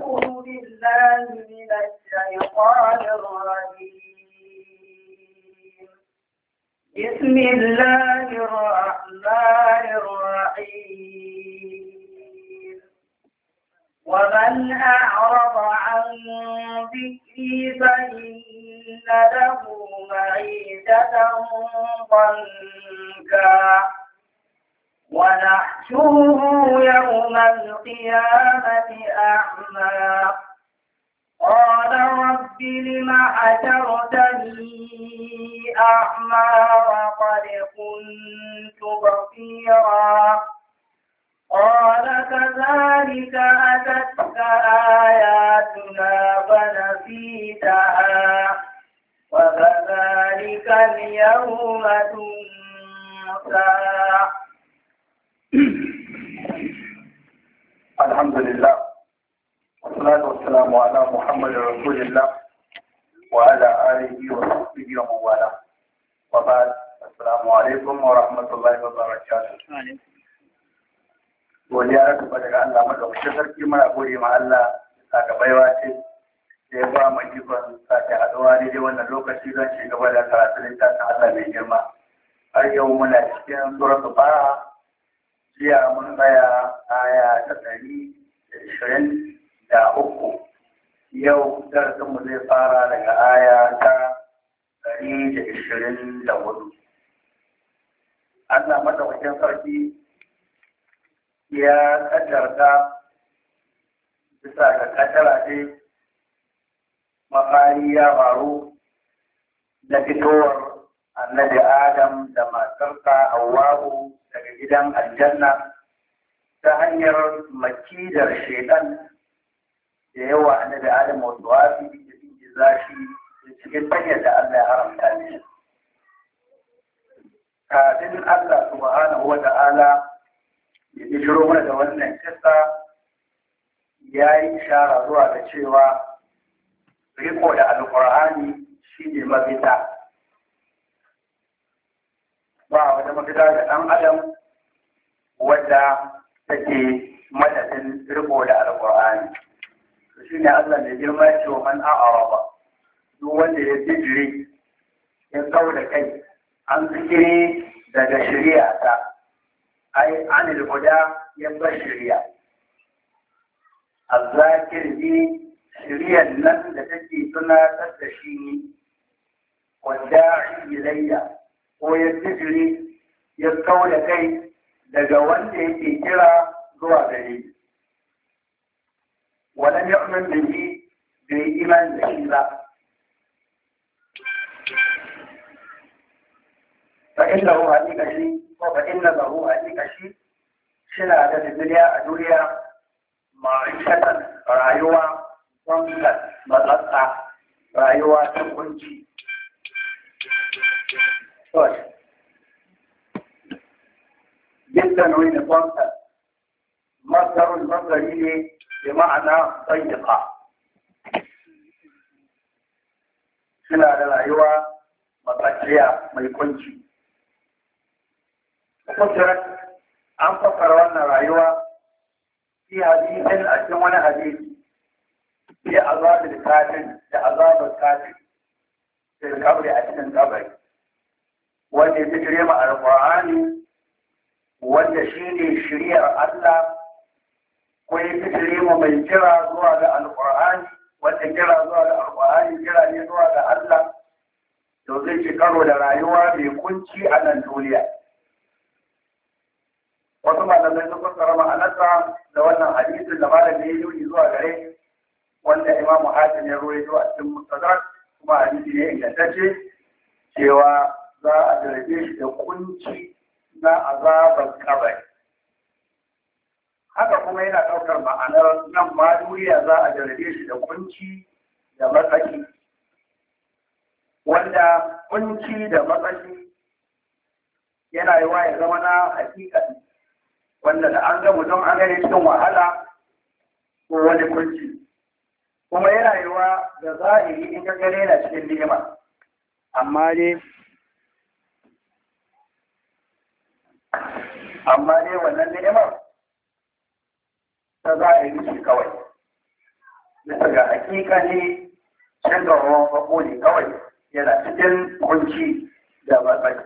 أعوذ بالله من الشيطان الرجيم بسم الله الرحمن الرحيم ومن أعرض عن ذكري فإن له معيشة ضنكا ونحشوه يوم القيامة أعمى قال رب لم حشرتني أعمى وقد كنت بصيرا قال كذلك أتتك آياتنا فنسيتها وكذلك اليوم تنسى الحمد لله والصلاة والسلام على محمد رسول الله وعلى آله وصحبه ومن والاه وبعد السلام عليكم ورحمة الله وبركاته godiya ya kuma daga Allah madaukakin sarki muna gode ma Allah saka baiwa ce da ya ba mu ikon sake haɗuwa ne dai wannan lokaci don ci gaba da karatun littafin Allah mai girma har yau muna cikin suratul fara jiya mun tsaya aya ta ɗari da ishirin da uku yau darasinmu zai fara daga aya ta ɗari da ishirin da hudu Allah madawakin sarki ya kaddarta bisa ga kaddara ce mafari ya faru na fitowar annabi Adam da matarsa a Hawwa'u daga gidan aljanna ta hanyar makidar shaidan da yawa da Adam wasu wasu da ingiza shi cikin bayyana da Allah ya haramta ne. Kafin Allah subhanahu wa ta'ala ya shiro mana da wannan kisa ya yi shara zuwa da cewa riko da alkur'ani shi ne mafita. ba wata mafita ga ɗan adam wadda take madadin riko da alƙur'ani to shi ne Allah mai girma ya ce wa man a'ara ba duk wanda ya bijire ya kau da kai an zikiri daga shari'a ta ai anil guda ya bar shari'a azzakir bi shari'ar nan da take tunatar da shi ni wanda ilayya ko ya ya kau kai daga wanda yake kira zuwa gare wannan ya umin da shi da yi iman da shi ba fa inna hu hakika shi ko fa inna hu hakika shi shina da duniya a duniya ma'aikatan rayuwa wannan matsatsa rayuwa ta kunci طيب جدا وين فرصه مصدر المصدرين بمعنى ضيقه سنة للعيوة مطلعية ما يكونش فكرت عن فكر وانا العيوة في هديه الأسمون هديه في عذاب الكاتن في عذاب الكاتن في القبر أسن القبر wanda ya bijire ma alƙur'ani wanda shi ne shiryar Allah ko ya bijire ma mai kira zuwa ga alƙur'ani wanda kira zuwa ga alƙur'ani kira ne zuwa ga Allah to zai ci karo da rayuwa mai kunci a nan duniya wasu malamai sun fassara ma'anarsa da wannan hadisin da malamai ya yi zuwa gare wanda imamu hatim ya ruwaito a cikin mustadrak kuma hadisi ne ingantacce cewa za a zarge shi da kunci na azabar kabari haka kuma yana ɗaukar ma'anar nan ma duniya za a jarabe shi da kunci da matsaki wanda kunci da matsaki yana yi ya zama na hakika wanda da an gamu don an gani cikin wahala ko wani kunci kuma yana yi da zahiri in ka gane na cikin nema amma dai amma dai wannan ni'imar ta za a yi mishi kawai bisa ga hakika ne can ga ruwan fako ne kawai yana cikin kunci da matsayi.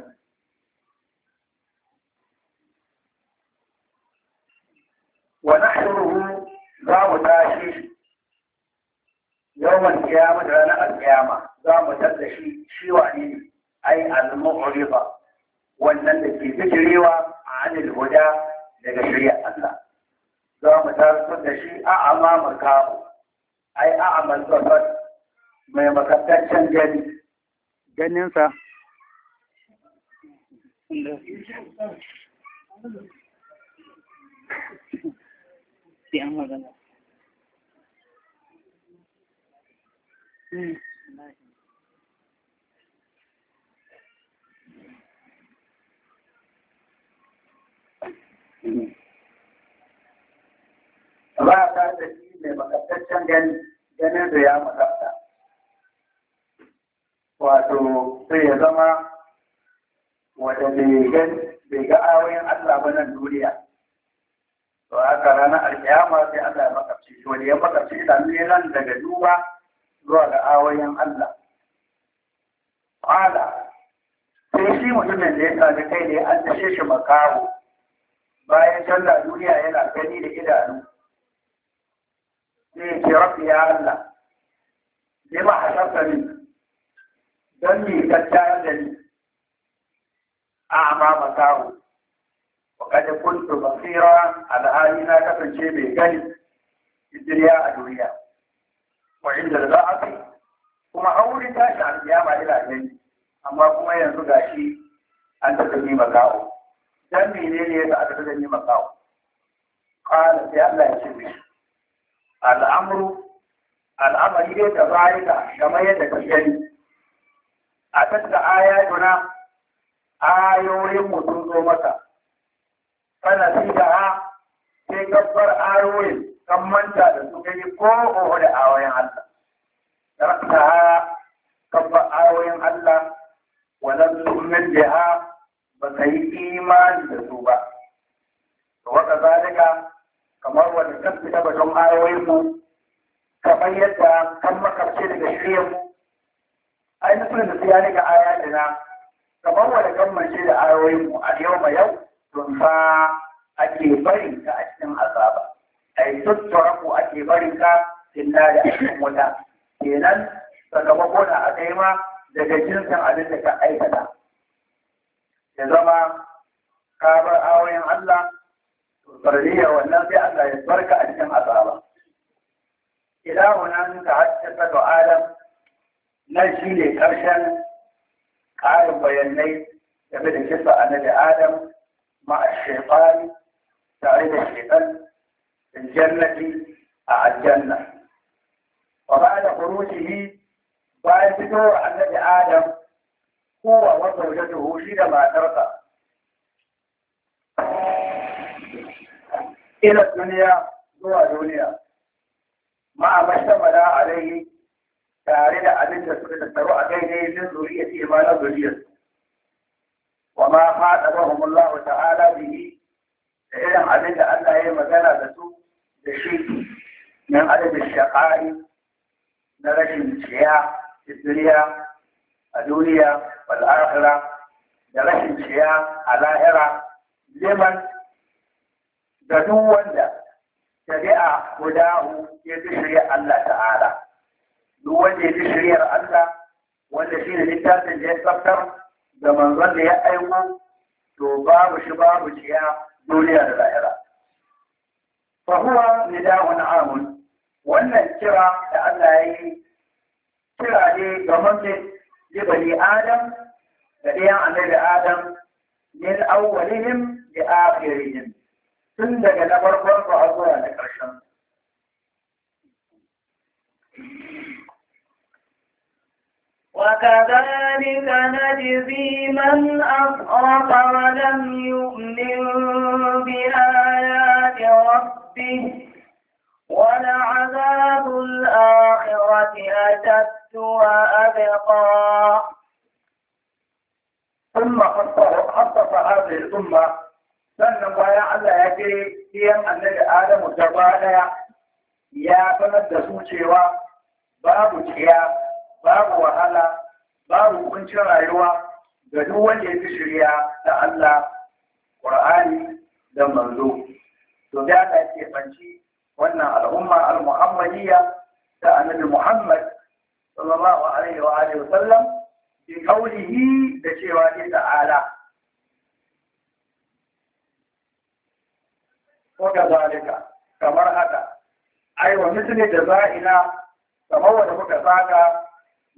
Wani nahshuruhu za mu tashi yawan kiyama da ranar alkiyama za mu tadda shi shi wane ne ai al-mu'riba wannan da ke bijirewa anil huda daga shari'ar Allah za mu tarasar da shi a amma makamu ai a amal safar mai makantaccen gani ganinsa sai an magana hmm. ba ta da shi mai makasaccen ganin da ya makasa wato sai ya zama wanda bai ga awayin Allah ba nan duniya to aka ranar alƙiyama sai Allah ya makafce shi wani ya makafce shi da nan daga duba zuwa ga awayin Allah ƙwada sai shi mutumin da ya kaji kai ne an tashe shi makawo bayan kalla duniya yana gani da idanu sai ce rabbi ya Allah a hasabta ne don ne gaggayar da ne a ma makawo wa kada kuntu basira al'adu na kasance mai gani idriya a duniya wa inda za a fi kuma aure tashi a ba ila ne amma kuma yanzu gashi an tafi makawo dan menene ya ta'addada da ni makawo qala sai Allah ya ce mishi al'amru al'amari dai da kamar yadda ka gani a tattara ayatuna ayoyin mu sun zo maka kana fi da ha sai gabbar ayoyin kan manta da su gani ko oho da ayoyin Allah da rakta ha gabbar ayoyin Allah wa lam tu'min biha ba ka yi imani da su ba waka zalika kamar wani kan fita batun ayoyin mu kamar yadda kan makarci daga shirya mu ai nufin da su daga aya na kamar wani kan mace da ayoyin mu a yau ma yau don fa ake barin ka a cikin azaba ai tuttura ku ake barin ka illa da cikin wuta kenan sakamako na aka yi ma daga jinsin abin da ka aikata إذا قال أو إن ألا تضرية ولا في ألا يضرك أجم أبابا إلى هنا نتعجب سؤالا نجي لكرشا مع الشيطان تعيد الشيطان في الجنة الجنة وبعد خروجه بعد فتور أن لآدم هو وزوجته شيد ما ترك إلى الدنيا zuwa duniya ma a mashtamala alaihi tare da abin da suka tattaru a daidai min zuriya ce ma na zuriyar wa ma faɗa rahimullah ta'ala bihi da irin abin da Allah ya yi magana da su da shi min adadin shaƙa'i na rashin ciya da duniya a duniya wal akhira da rashin jiya a lahira liman da duk wanda shari'a gudahu ya fi shari'ar Allah ta'ala duk wanda ya fi shari'ar Allah wanda shi ne littafin da ya tsaftar da manzon da ya aiko to babu shi babu jiya duniya da lahira fa huwa nida'un amun wannan kira da Allah ya yi kira ne ga mutum لبني آدم لديان عمل آدم من أولهم لآخرهم tun daga na farkon ba a وكذلك نجزي من أفرق ولم يؤمن بآيات ربه ولعذاب الآخرة أشد وأبقى ثم خطف هذه الأمة sannan bayan Allah ya ce iyan annabi Adamu ta ba daya ya sanar da su cewa babu ciya babu wahala babu hukuncin rayuwa ga duk wanda ya fi shirya da Allah Ƙur'ani da manzo to da ta ke banci wannan al'umma al-muhammadiyya da annabi Muhammad sallallahu alaihi wa alihi wa sallam bi da cewa ni ta'ala ko kazalika kamar haka ai wa misli da za'ina kamar wanda muka saka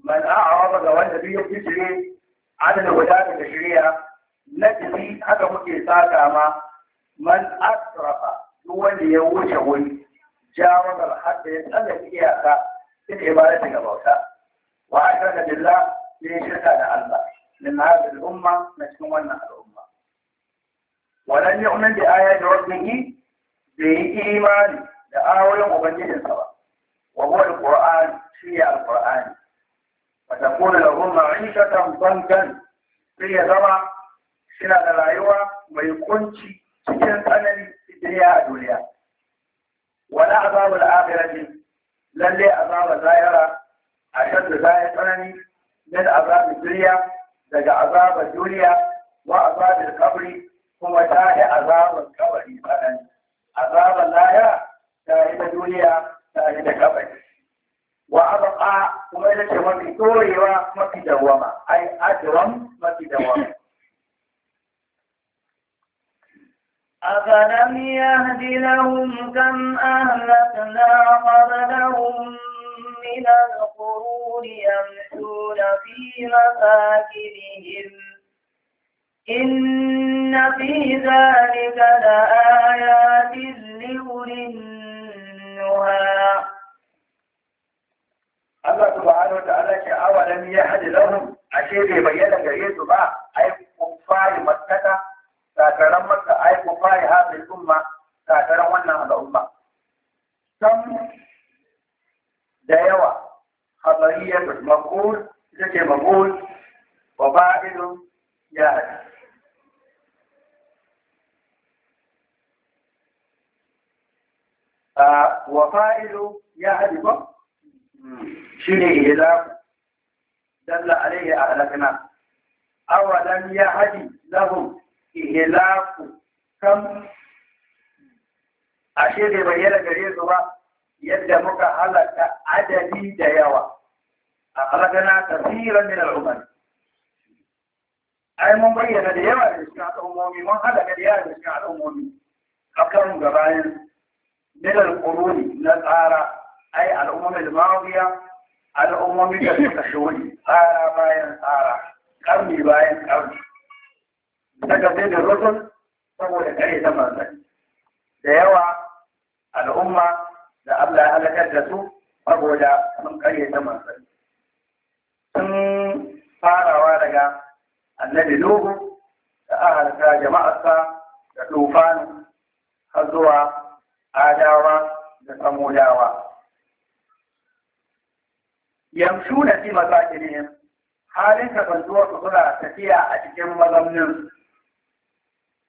man a'rada ga wanda duk ya fice adana wadata da shari'a na tafi haka muke saka ma man duk wanda ya wuce wuri jawazar hadda ya iyaka cikin ibada daga bauta وأعتذر بالله لشتان الله من هذه الأمة مشكومنا الأمة ولن يؤمن بآيات ربه بإيمان لآول مبنيه سوا وهو القرآن في القرآن وتكون لهم عيشة ضنكا في يزرع شنا دلائوة ويكون شكرا سنن في دنيا الدنيا ولا عذاب الآخرة للي عذاب الزائرة أشد ذا يتنمي من عذاب الدنيا دقى عذاب الدنيا وعذاب القبر هو جاه عذاب القبر فأن عذاب الله تاهد الدنيا تاهد القبر وأبقى وإلى شما في طوري وما في دوامة أي أجرم ما في دوامة أفلم يهدي لهم كم أهلكنا قبلهم من القرون يمشون في مساكنهم إن في ذلك لآيات لأولي النهى Allah subhanahu wa ta'ala ce awalam ya hadi lahum ce bai bayyana gare su ba ai kufari makkata sakaran makka ai kufari hadhihi umma sakaran wannan al'umma san da yawa khabariyyar maqul ita ce maqul wa fa'ilun ya wa fa'ilu ya hadi ba shi ne ihlaku dalla alaihi a halakana awalan ya hadi lahum ihlaku kam ashe bai bayyana gare su ba yadda muka halaka adadi da yawa a halakana kafiran min al'umar ai mun bayyana da yawa da cikin al'ummomi mun halaka da yawa da cikin al'ummomi a kan gabanin min al'uruni na tsara ai al'ummomi da mawiya al'ummomi da suka shuri tsara bayan tsara ƙarni bayan ƙarni daga sai da rusul saboda kare ta manzanni da yawa al'umma da Allah ya halakar da su saboda sun karyata manzanni sun farawa daga annabi Nuhu da ahalta jama'arsa da tufan har zuwa adawa da samudawa yamshuna fi masakinihim halin kasantuwa su suna tafiya a cikin mazaunin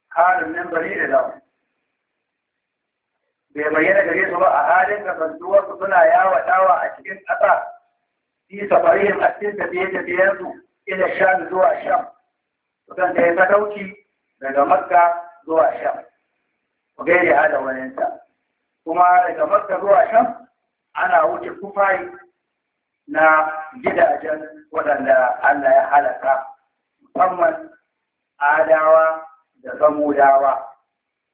halin nan bari da launi bai bayyana gare su ba a halin da bantuwar su suna yawa dawa a cikin ƙasa fi safarihim a cikin tafiye-tafiyen su ila sham zuwa sham Kusan da ya sadauki daga makka zuwa sham ku gaire hada waninta kuma daga makka zuwa sham ana wuce kufai na gidajen waɗanda Allah ya halaka musamman adawa da zamudawa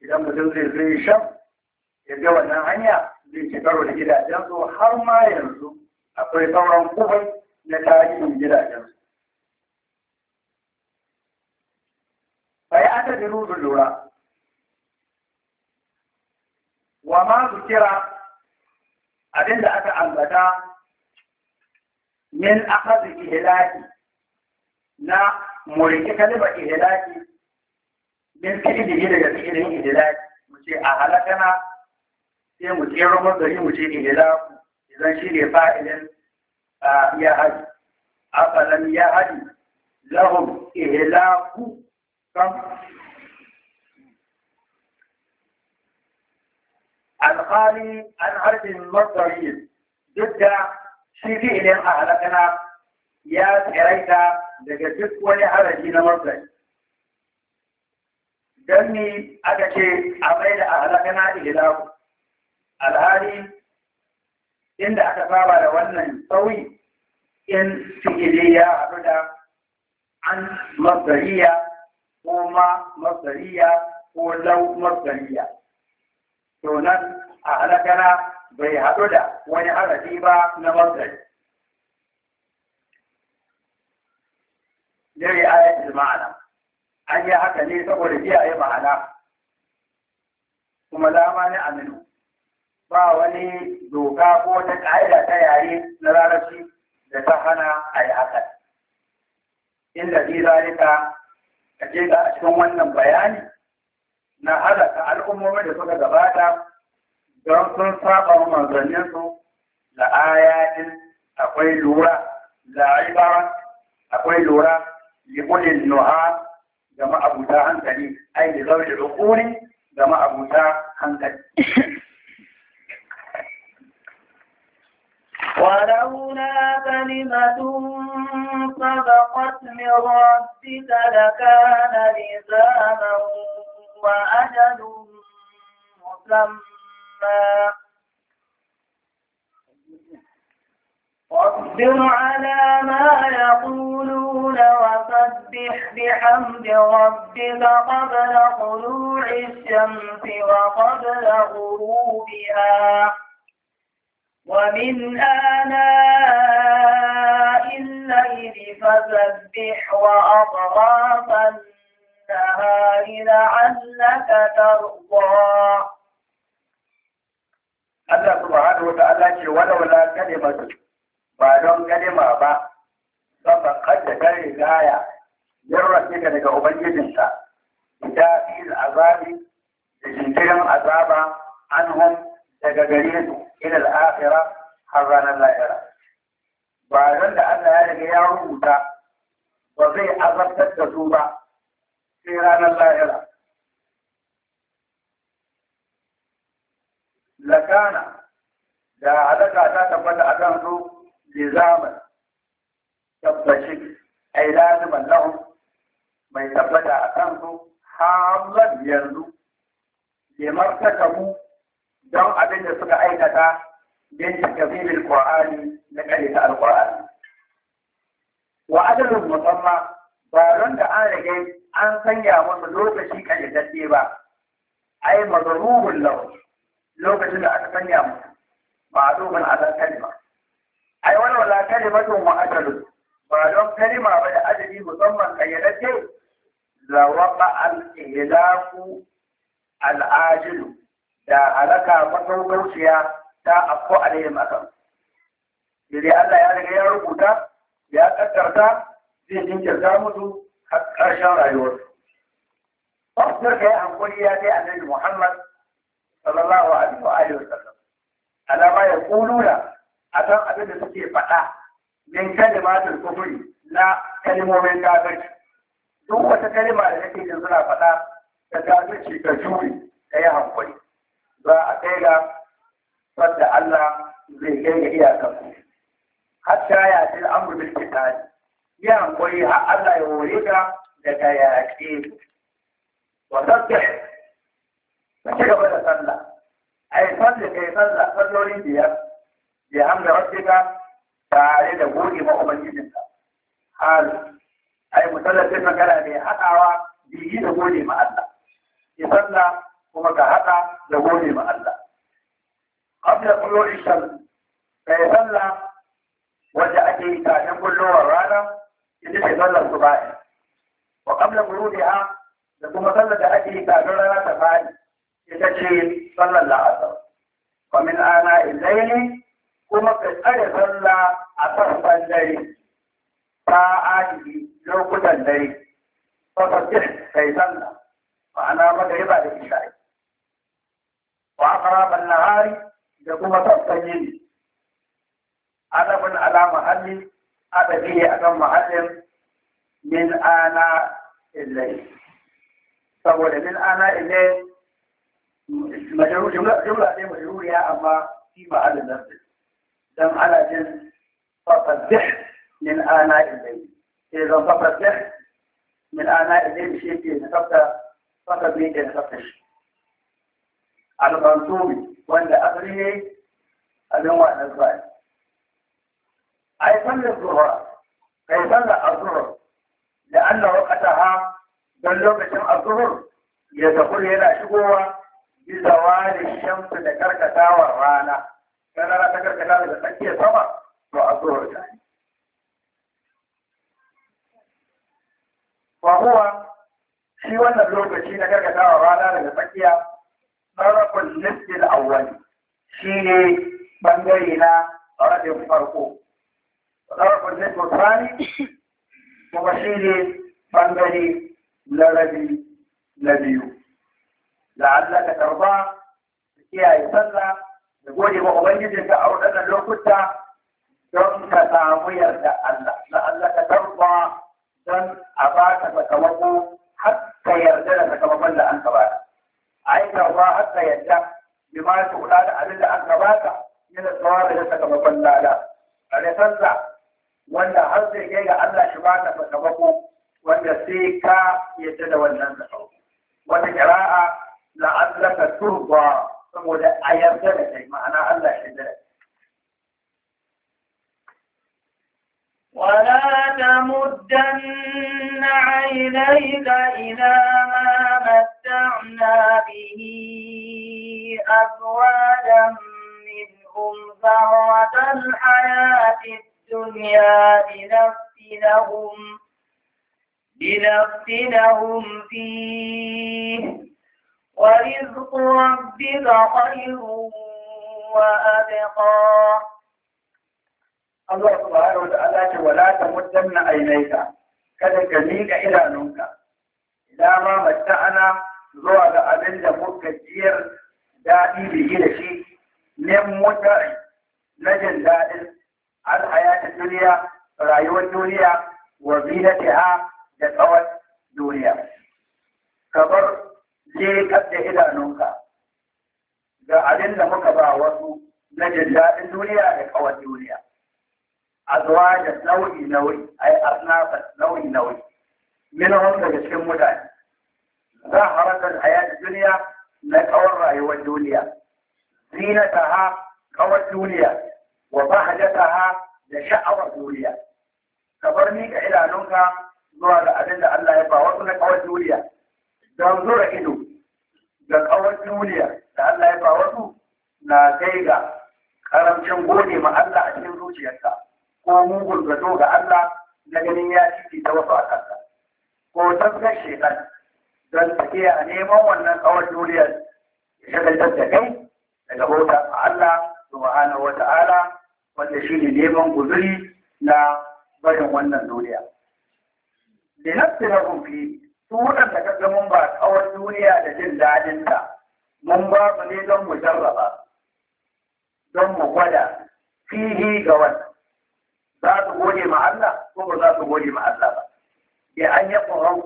idan mutum zai zai sham ya wannan hanya zai ci karo da gidajensu har ma yanzu akwai sauran kufai na tarihin gidajensu. Bai aka da nuna lura, wa ma su kira abinda aka ambata min akazu ihilaki na muriki kalibar ihilaki min fi'ili daga fi'ilin ihlaki mu ce a halakana sai mu tsere mazari mu ce ilahu idan shi ne fa'ilin ya haji afalan ya haji lahum ilahu kam alƙali an harbin mazari duk da shi fi'ilin a halakana ya tsiraita daga duk wani haraji na mazari don ni aka ce a mai da a halakana ilahu alhali inda aka saba da wannan sauyi in fi'ili ya haɗu da an masariya ko ma masariya ko lau masariya to nan a halakana bai haɗu da wani harafi ba na masari dare ayatul ma'ana an yi haka ne saboda jiya ya ma'ana kuma lama ne aminu ba wani doka ko ta ƙa'ida ta yare na larabci da ta hana a yi hakan. Inda zai zalika ka ga a cikin wannan bayani na ka al'ummomi da suka gabata don sun saba wa manzanninsu da ayatin akwai lura aiba akwai lura liƙulin nuha ga ma'abuta hankali ai da ƙuri da ga ma'abuta hankali ولولا كلمة سبقت من ربك لكان لزاما وأجل مسمى واصبر على ما يقولون وسبح بحمد ربك قبل طلوع الشمس وقبل غروبها ومن آناء الليل فسبح وأطراف النهار لعلك ترضى Allah subhanahu wa ta'ala ce walaula kalimatu ba don kalima ba sama kadda ta rigaya yarrafe ka daga ubangijinka ita fil azabi da jinkirin azaba anhum daga gare su إلى الآخرة حرنا اللائرة وعلم أن هذا يعود وفي أغلب التجربة حرنا اللائرة لكان لا عدد أداة فلا أدامه لزاما تبشك أي لازم لهم ما يتبدأ أدامه حالا يردو لمرتكبوا don abin da suka aikata min takzibul qur'ani na kalita alqur'ani wa adalul musamma ba don da an rage an sanya masa lokaci kalitatse ba ai mazrubul lahu lokacin da aka sanya masa ma'lumun ala kalima ai wani wala kalimatun wa ajalun ba don kalima ba da adadi musamman kayyadatce la waqa al ihlaku al ajilu da alaka matsaukanciya ta afko alaihim akan dai Allah ya riga ya rubuta ya kaddarta zai jinkirta musu har ƙarshen rayuwarsu fasir ka yi hankuri ya kai annabi Muhammad sallallahu alaihi wa alihi wasallam alama ya kulula akan abin da suke faɗa min kalimatul Kufuri na kalimomin kafirci duk wata kalima da nake jin suna faɗa da kafirci ka jure ka yi hankuri za a kai ga wadda Allah zai kai ga iyakanku. Hatta ya ce amur bil kitali. Ya hankali har Allah ya hore ka daga yaƙe ku. Wasabbe, ka ci gaba da sallah. Ai, sallah kai sallah, sallolin biyar. Ya hamda rabbika tare da goge ma ubangijinka. Hali, ai, musallafin magana ne haɗawa biyi da gode ma Allah. Ki sallah kuma ka haɗa da gode ma Allah. Kabla kulo isan kai sallah wanda ake yi kafin kullowar rana ita ce sallar su ba'i. Wa kabla murudiha da kuma sallar da ake yi kafin rana ta ba'i ita ce sallar la'asar. Wa min ana illaili kuma ka tsare sallah a sassan dare. Ta'adi lokutan dare. Fasasir kai sallah. ma'ana magariba da isha'i. wa akraban nahari da kuma sassan yini adabin ala mahalli adabi ne akan mahallin min ana illai saboda min ana illai jumla ne majruriya amma fi ma'alin nafsi dan ana jin fasaddih min ana illai eh, sai zan fasaddih min ana illai shi ke nasabta fasaddih ke nasabta shi al-mansuri wanda asali ne abin wannan sai ai sallar zuhra kai sallar azhar da Allah waqataha don lokacin azhar ya dafur yana shigowa bi zawali shamsu da karkatawa rana kana ta karkata da tsakiyar sama to azhar ta wa huwa shi wannan lokaci na karkatawa rana daga tsakiya طرف النفس الأول شيني بنجينا رجل فرقو طرف النفس الثاني هو وشيني بنجي لذي لذي لعلك ترضى يا يسلا يقولي وأبنجدك أو أنا لو كنت دم كتامي يرجع لعلك ترضى دم أباك فتوقو حتى يرجع لك أنت بعد aika ba haka yadda bi ma ta kula da abin da aka baka yana tsawabi da sakamakon lada a sansa wanda har zai kai ga Allah shi baka sakamako wanda sai ka yadda da wannan sakamako wata kira'a la'allaka turba saboda a yarda da kai ma'ana Allah shi da ولا تمدن عينيك إلى ما متعنا به أزواجا منهم ذرة الحياة الدنيا لنفتنهم لنفتنهم فيه ورزق ربك خير وأبقى Allah subhanahu wa ta'ala ce wala tamuddanna ainaika kada ka miƙa idanunka ila ma ana zuwa ga abin da muka jiyar daɗi bigi da shi min mutari na jin daɗin alhayata duniya rayuwar duniya wa zinatiha da tsawon duniya bar leƙar da idanunka ga abin da muka ba wasu na jin daɗin duniya da tsawon duniya azwaja nau'i nau'i ai asnafa nau'i nau'i min wanda daga cikin mutane za a harakar hayat duniya na kawar rayuwar duniya zinata ha kawar duniya wa bahajata ha da sha'awar duniya ka bar ni ka idanunka zuwa ga abin da Allah ya ba wasu na kawar duniya don zura ido ga kawar duniya da Allah ya ba wasu na kai ga karamcin gode ma Allah a cikin zuciyarka ko mugun zato ga Allah na ganin ya ciki ta wasu a kansa ko tafiyar shekar don take a neman wannan tsawon duniyar ya shagaltar da kai daga bauta a Allah subhanahu wa ta'ala wanda shi ne neman guzuri na barin wannan duniya. Linafsi na kumfi su waɗanda ka ga mun ba tsawon duniya da jin daɗinta mun ba su ne don mu jarraba don mu gwada fihi ga wannan za su gode ma Allah ko ba za su gode ma Allah ba ya an yi tsoron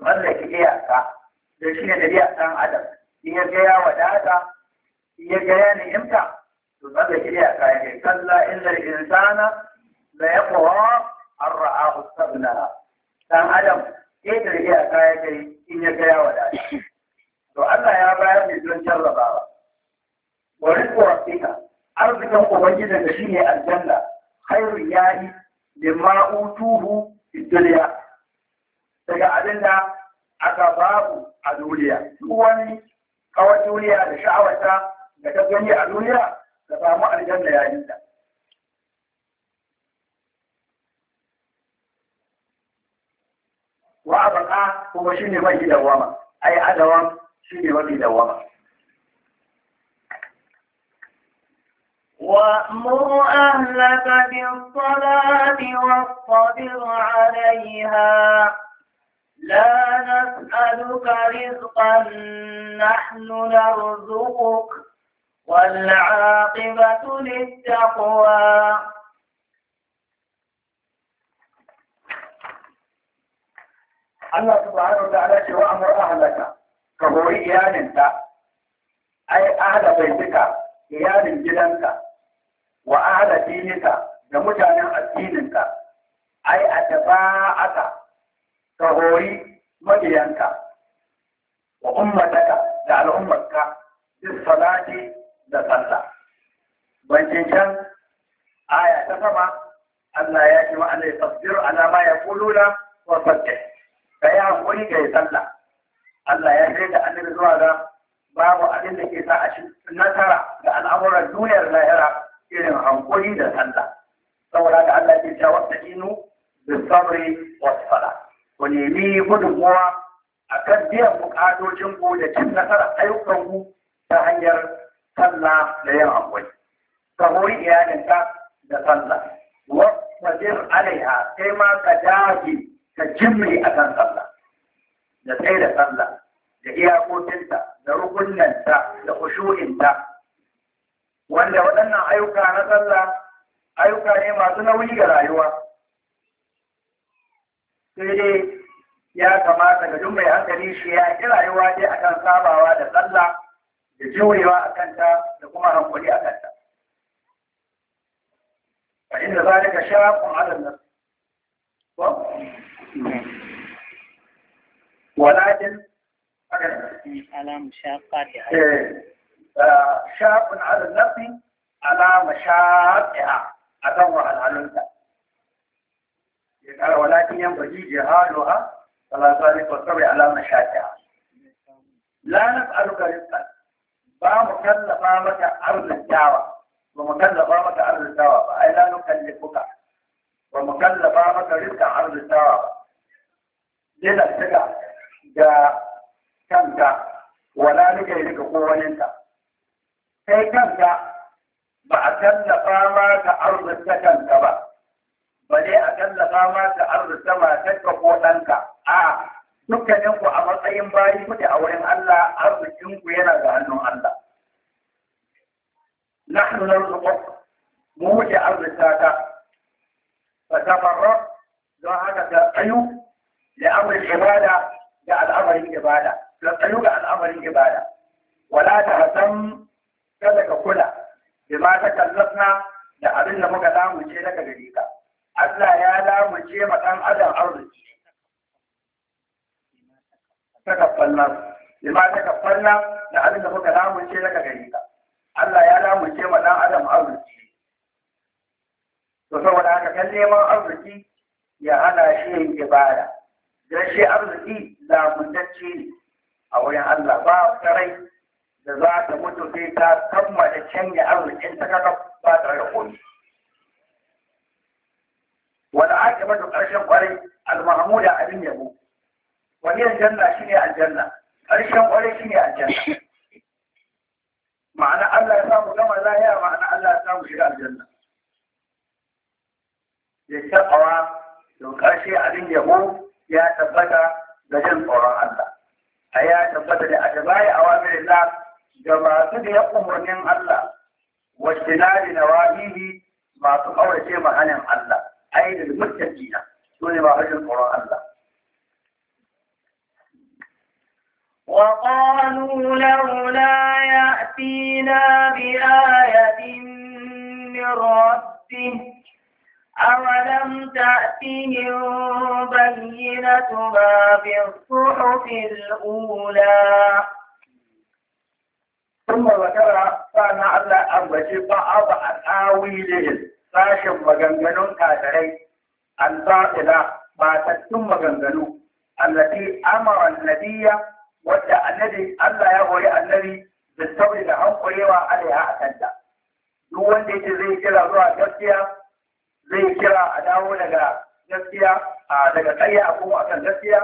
tsallake iyaka da shi ne da biya ɗan adam in ya gaya wa wadata in ya ga ya ni'imta to tsallake ka ya kai kalla inda insana la ya kowa an ra'ahu sabna ɗan adam Ke ƙetar ka ya kai in ya gaya wa wadata to Allah ya bayar da don jarrabawa wa rizqu rabbika arzikin ubangijin da ne aljanna hairu ya yi da ma'utuhu duniya daga abin aka babu a duniya duk wani kawai duniya da sha'awarta da ta gani a duniya da samu aljanna yayin da wa abaka kuma shine mai dawama ai adawam shine mai dawama وأمر أهلك بالصلاة واصطبر عليها لا نسألك رزقا نحن نرزقك والعاقبة للتقوى الله سبحانه وتعالى شو أمر أهلك كهو يعني أنت أي أهل بيتك يعني جلنك wa ahla dinika da mutanen addininka ai atba'aka ka hori mabiyanka wa ummataka da al'ummarka bis salati da sallah bancin shan? aya ta sama Allah ya ce wa Allah ya tasbir ala ma yaquluna wa sabbih ka yi ga sallah Allah ya ce da annabi zuwa ga babu abin da ke sa a nasara da al'amuran duniyar lahira irin hankuri da sallah saboda da Allah ke cewa wata inu da sabri wasu sala ku nemi gudunmuwa a kan biyan bukatocin ku da cin nasara ayyukan ku ta hanyar sallah da yin hankuri ka hori iyalinka da sallah wasfajir alaiha sai ma ka dage ka jimri a kan sallah da tsaye da sallah da iyakokinta da rukunanta da kushu'inta wanda waɗannan ayyuka na sallah ayyuka ne masu nauyi ga rayuwa sai dai ya kamata ga duk mai hankali shi ya ki rayuwa dai akan sabawa da sallah da jurewa a kanta da kuma hankali a kanta fa inda zalika shaqun ala an-nafs walakin akan شاق على النفس على مشاقها أدور على الألنسة قال ولكن ينبغي جهالها فلا ذلك والصبر على مشاقها لا نسألك رزقا فمكلفا لك أرض الدعوة ومكلف لك أرض الدعوة أي لا نكلفك ومكلف لك رزق أرض الدعوة كم كانت ولا لغيرك قوة kai kanka ba a tallafa ma ka arzuta kanka ba bale a tallafa ma ka arzuta matarka ko ɗanka a dukkanin ku a matsayin bayi kuke a wurin Allah arzikin ku yana ga hannun Allah nahnu narzuquk mu muke arzuta ka fa tafarra don haka ka tsayu da amrin ibada da al'amarin ibada ka tsayu ga al'amarin ibada wala ta hasam kada ka kula da ma ta kallafna da abin da muka ce daga gare ka Allah ya ce ma dan adam arziki ta kafalla da ma ta kafalla da abin da muka ce daga gare ka Allah ya ce ma dan adam arziki to saboda haka kan neman arziki ya hana shi yin ibada dan shi arziki lamuntacce ne a wurin Allah ba sarai da za ta mutu sai ta kammala canja arzikin ta kaka ba tare da komi wani ake mata ƙarshen ƙwarai almahamuda abin yabo wani aljanna shi ne aljanna ƙarshen ƙwarai shi ne aljanna ma'ana Allah ya samu gama lahiya ma'ana Allah ya samu shiga aljanna ya taɓawa don ƙarshe abin yabo ya tabbata da jin tsoron Allah a ya tabbata da a adabai awamirin Allah gabata da ya umarnin Allah wa jinari na wahihi masu kawarce mahanin Allah ainihin mutakina su ne ba hajjin tsoron Allah. وقالوا لولا يأتينا بآية من ربه أولم تأتهم بينة ما في الصحف الأولى ثم ذكر فان الله ابغشي بعض اقاويله sashen maganganun kadarai an ba ila ba ta tun maganganu allati amara annabiya wadda annabi Allah ya hori annabi da sauri da hankulewa Allah ya akanta duk wanda yake zai kira zuwa gaskiya zai kira a dawo daga gaskiya a daga kayya a kuma gaskiya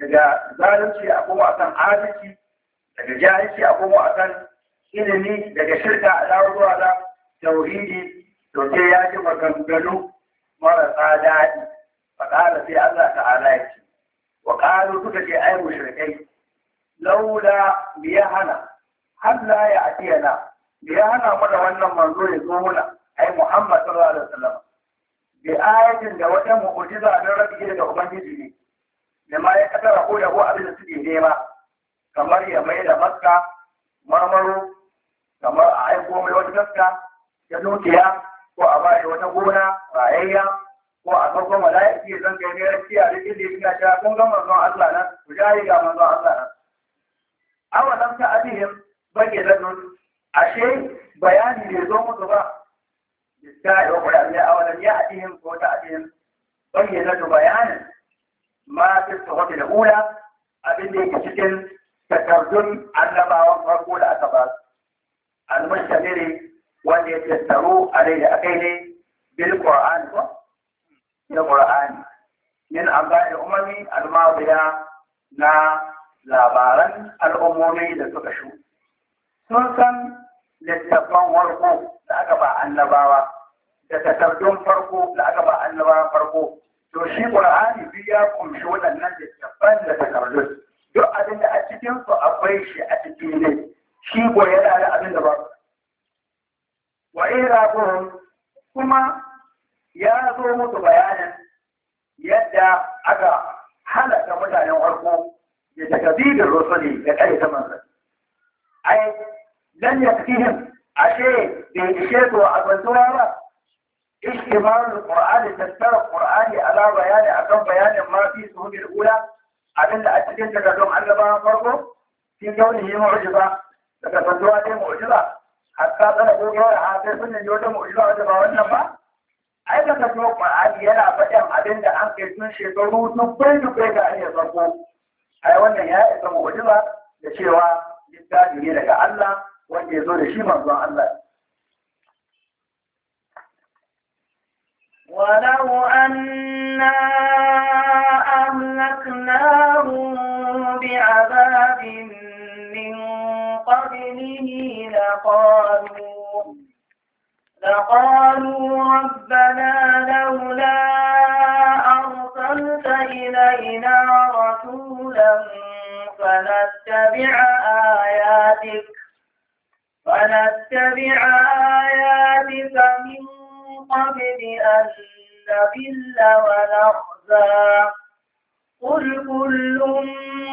daga zalunci a kuma akan adalci daga jahilci a kuma akan ilimi daga shirka a zuwa da tauhidi to sai ya ji maganganu marasa daɗi faƙala sai Allah ta'ala ya ce wa suka ce ai mushrikai laula biya hana har la ya atiyana biya hana mana wannan manzo ya zo muna ai Muhammad sallallahu alaihi wasallam bi ayatin da wata mu'jiza na rabbi da ubangiji ne da ma ya kasara ko yabo abin da suke nema kamar ya mai da makka marmaro kamar a aiko mai wata gaska ya dukiya ko a bayi wata gona rayayya ko a farko mala'iki zan kai ne rashi a rikin da yana cewa kun ga manzon Allah nan ku jahi ga manzon Allah nan awalan ta abihim bage da nun ashe bayani ne zo musu ba da wa qur'ani awalan ya abihim ko ta abihim bage da bayani ma fi suhuf da ula abin da yake cikin takardun annabawan farko da aka ba su al wanda ya tattaru alaihi akai ne bil qur'an ko da qur'ani min abai umami al-madiya na labaran al'ummomi da suka shu sun san littafan warko da aka ba annabawa da takardun farko da aka ba farko to shi qur'ani biyu ya kumshi waɗannan littafan da takardun duk abinda a cikin su akwai shi a ciki ne shi ko yana da abin da ba wa iraqum kuma ya zo musu bayanin yadda aka halaka mutanen farko da takabidin rusuli da kai ta manzan ai lan yakfihim ashe bai ishe to a bantuwa ba ishtimar alqur'ani tattara qur'ani ala bayani akan bayanin ma fi suhudil ula abinda a cikin takardun annabawan farko fi yawni mu'jiza Daga kasancewa ne mu'jiza hatta tsara ko gawar ha sai sun yi wata mu'jiza wata ba wannan ba ai da kasancewa Qur'ani yana faɗin abin da an kai tun shekaru dubbai dubbai da an yi farko ai wannan ya isa mu'jiza da cewa littafi ne daga Allah wanda ya zo da shi manzon Allah ولو أن به لقالوا لقالوا ربنا لولا أرسلت إلينا رسولا فنتبع آياتك فنتبع آياتك من قبل أن نذل ونخزى قل كل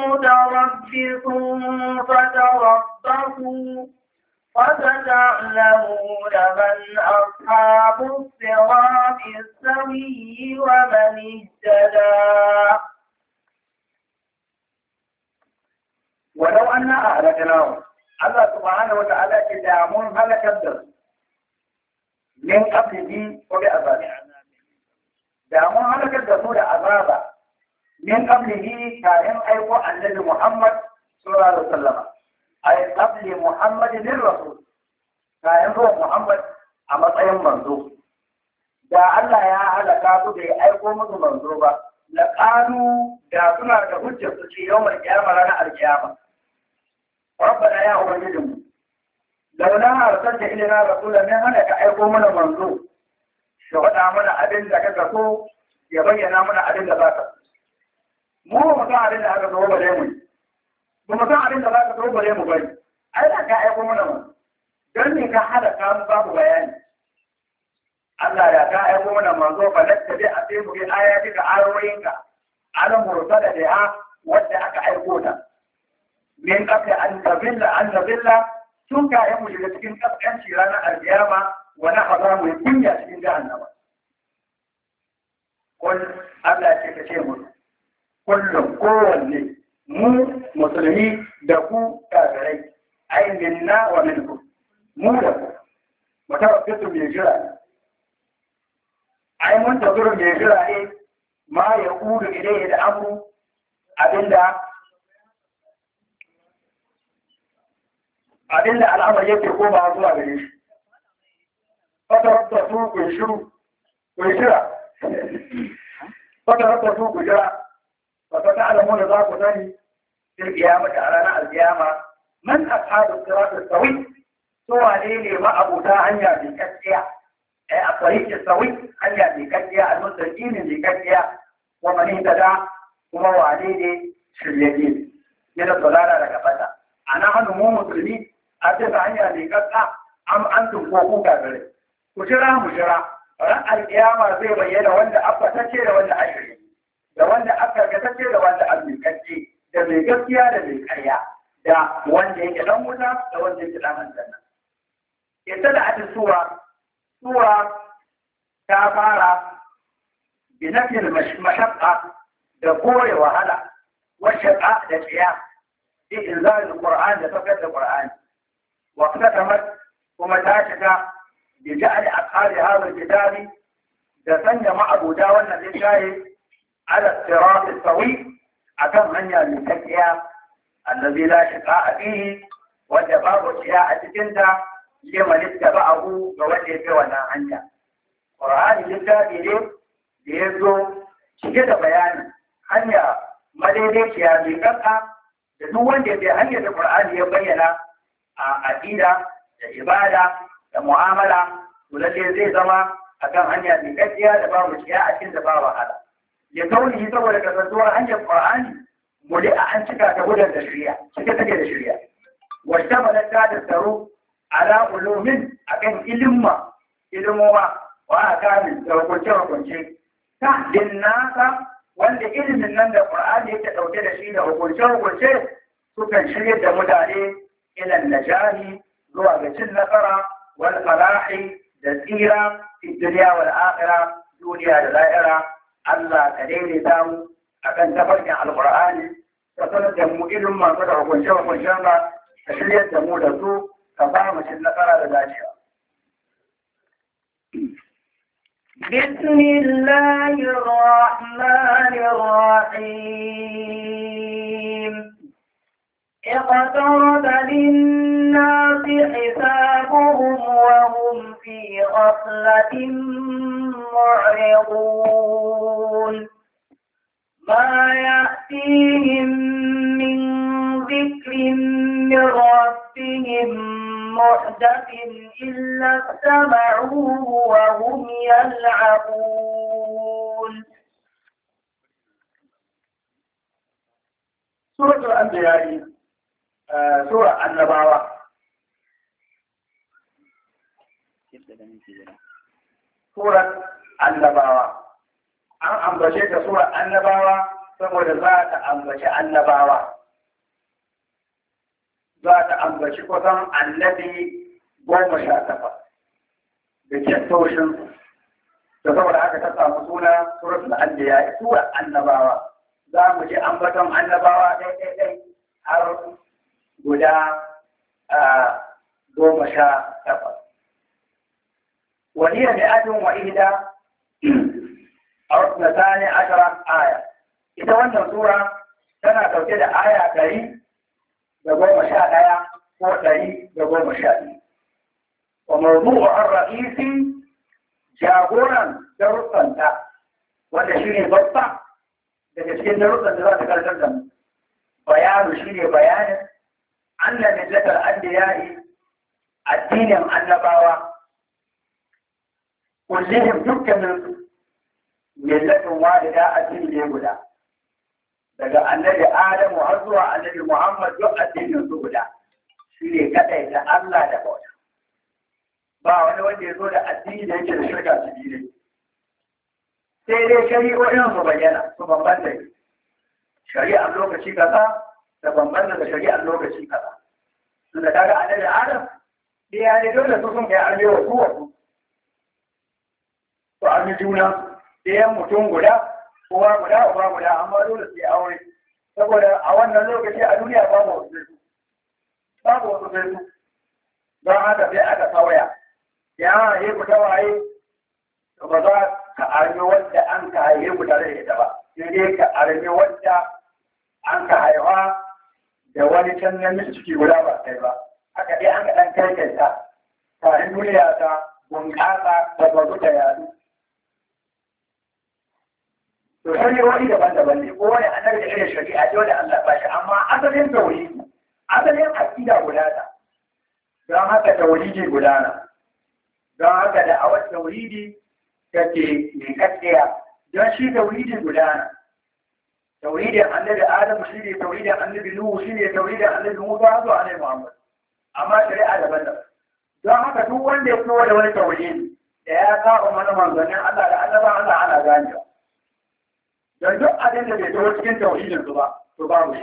متربص فتربصوا فستعلمون من أصحاب الصراط السوي ومن اهتدى ولو أن أهلكناهم الله سبحانه وتعالى كلامهم هلك الدرس من قبله وبأبابه دامون هلك الدرس عذابا min qablihi kafin aiko annabi Muhammad sallallahu alaihi wasallam ay qabli Muhammad lir rasul Kayan zuwa Muhammad a matsayin manzo da Allah ya halaka su bai aiko musu manzo ba laqalu da suna da hujjar su ce yawmal qiyamah ranar alqiyama rabbana ya mu. ubangijinmu launa arsalta ilaina rasulan min hana ka aiko mana manzo ya faɗa mana abin da ka so ya bayyana mana abin da ka so mu ba san abin da aka zo bare mu ba mu san abin da aka ka zo bare mu bari ai da ka aiko mana ma Don ne ka hada ka mu babu bayani Allah ya ka aiko mana zo ba lakka bi a sai mu bi ayati ka ayoyinka mursala da ha wanda aka aiko ta min qabla an tabilla an tabilla tun ka aiko mu daga cikin kaskanci ranar alkiyama wa na hada mu kunya cikin jahannama kun Allah ya ce ka ce mu kullum kowanne mu musulmi da ku kafirai ai minna wa minku mu da ku mutawaffisu mai jira ai mun tazuru mai jira ne ma ya kudu ilaihi da abu abinda abinda al'amar yake koma zuwa gare shi fatarabta su kun shiru kun jira fatarabta su kun jira فستعلمون ذاك ذلك في القيامة على نهر القيامة من أصحاب الصراط السوي سوى ليلي ما أبو تا هنيا بكتيا إيه، الطريق السوي هنيا بكتيا المستقيم بكتيا ومن اهتدى وما وعليه شريدين من الضلالة لكفتا أنا هنو مو مسلمين أتبع هنيا بكتا أم أنتم فوقو كافرين كجرا مجرا رأى القيامة zai bayyana ولا abbatacce da ولا ashiri da wanda aka gatacce da wanda an miƙaƙe da mai gaskiya da mai ƙarya da wanda yake dan wuta da wanda yake dan aljanna ita da ake suwa suwa ta fara bi nafil mashaqqa da kore wahala wa shaqa da tsiya bi inzalil qur'an da fakar da qur'ani wa qatamat kuma ta shiga bi ja'al aqali hadha kitabi da sanya ma'abuda wannan littafi على الصراط الطويل أكم من يلتكيا يعني الذي لا شفاء فيه وجباب الشياعة جنة لمن اتبعه بوجه بوانا عنده قرآن جنة بليم بيبدو شكرا بيانا هنيا مليدي شيابي كبها بدو وانجي في هنيا القرآن يبينا أكيدا لعبادة لمعاملة ولكي زي زمان أكم هنيا بيبدو شياعة جنة بابا هذا ya kauni saboda kasantuwar hanyar Qur'ani muli a an cika ta gudan da shirya cike take da shirya wasta mana ta da tsaro ala ulumin akan ilimma ilimoma wa akamin da hukunce hukunce ta nasa, wanda ilimin nan da Qur'ani yake ɗauke da shi da hukunce hukunce sukan shirya da mutane ilan najani zuwa ga cin nasara wal falahi da tsira fi duniya wal akhirah duniya da lahira Allah ka daidaita mu akan tafarkin alqur'ani ka sanar da mu irin masu da hukunce hukuncen ba ka shirya da mu da su ka ba mu cin nasara da dacewa بسم الله الرحمن الرحيم اقترب للناس حسابهم وهم في غفلة معرضون ما يأتيهم من ذكر من ربهم محدث إلا اتبعوه وهم يلعبون سورة الأنبياء Eh, sura annabawa suran annabawa an ambace ta suran annabawa saboda za ta ambaci annabawa za ta ambaci kusan annabi goma sha takwas da kyattoshin da saboda haka ta samu suna suratul anbiya sura annabawa za mu je ambaton annabawa ɗai ɗai ɗai har guda goma sha takwas. Wani da ajin wa ihda a tsani ashara aya. Ita wannan sura tana ɗauke da aya ɗari da goma sha ɗaya ko ɗari da goma sha biyu. Wa mawdu'u ar-ra'isi jagoran darussanta wanda shi ne babba daga cikin darussan da za ta karantar da mu. Bayanu shi ne bayanin Allah anna ya yi addinin annabawa kullihim dukkanin millatin da addini ne guda daga annabi adamu har zuwa annabi muhammad duk addinin su guda shi ne kadai da allah da bauta ba wani wanda ya zo da addini da yake da shirka su biyu sai dai shari'o'in su bayyana su bambanta shari'ar lokaci kaza da bambanta da shari'ar lokaci kaza tunda kaga annabi adam da ya ne dole su sun kai an yawa su wasu a an juna ya mutum guda kowa guda uba guda amma dole su yi aure saboda a wannan lokaci a duniya babu wasu zai Ba babu wasu zai su don haka sai aka sauya ya yi ku tawaye ba za ka arme wanda an ka haihe ku tare da ita ba sai dai ka arme wanda an ka haihuwa da wani can namiji ciki guda ba kai ba haka dai an ɗan kai kai ta tarin duniya ta bunƙasa da babu da yadu to wani daban-daban ne wani annar da irin shari'a ce wanda Allah ba shi amma asalin tauhidi asalin aqida guda ta don haka tauhidi guda na don haka da awar tauhidi take ne kaddiya don shi tauhidi guda na توحيد النبي آدم شيني توحيد النبي نوح شيني توحيد النبي موسى هذا عن محمد أما شريعة بنا ده هذا هو وين يكون ولا وين توحيد ده هذا وما نما زني الله لا الله ما الله على زانيه ده ده أدين اللي بيتوش كن توحيد الصبا صبا وش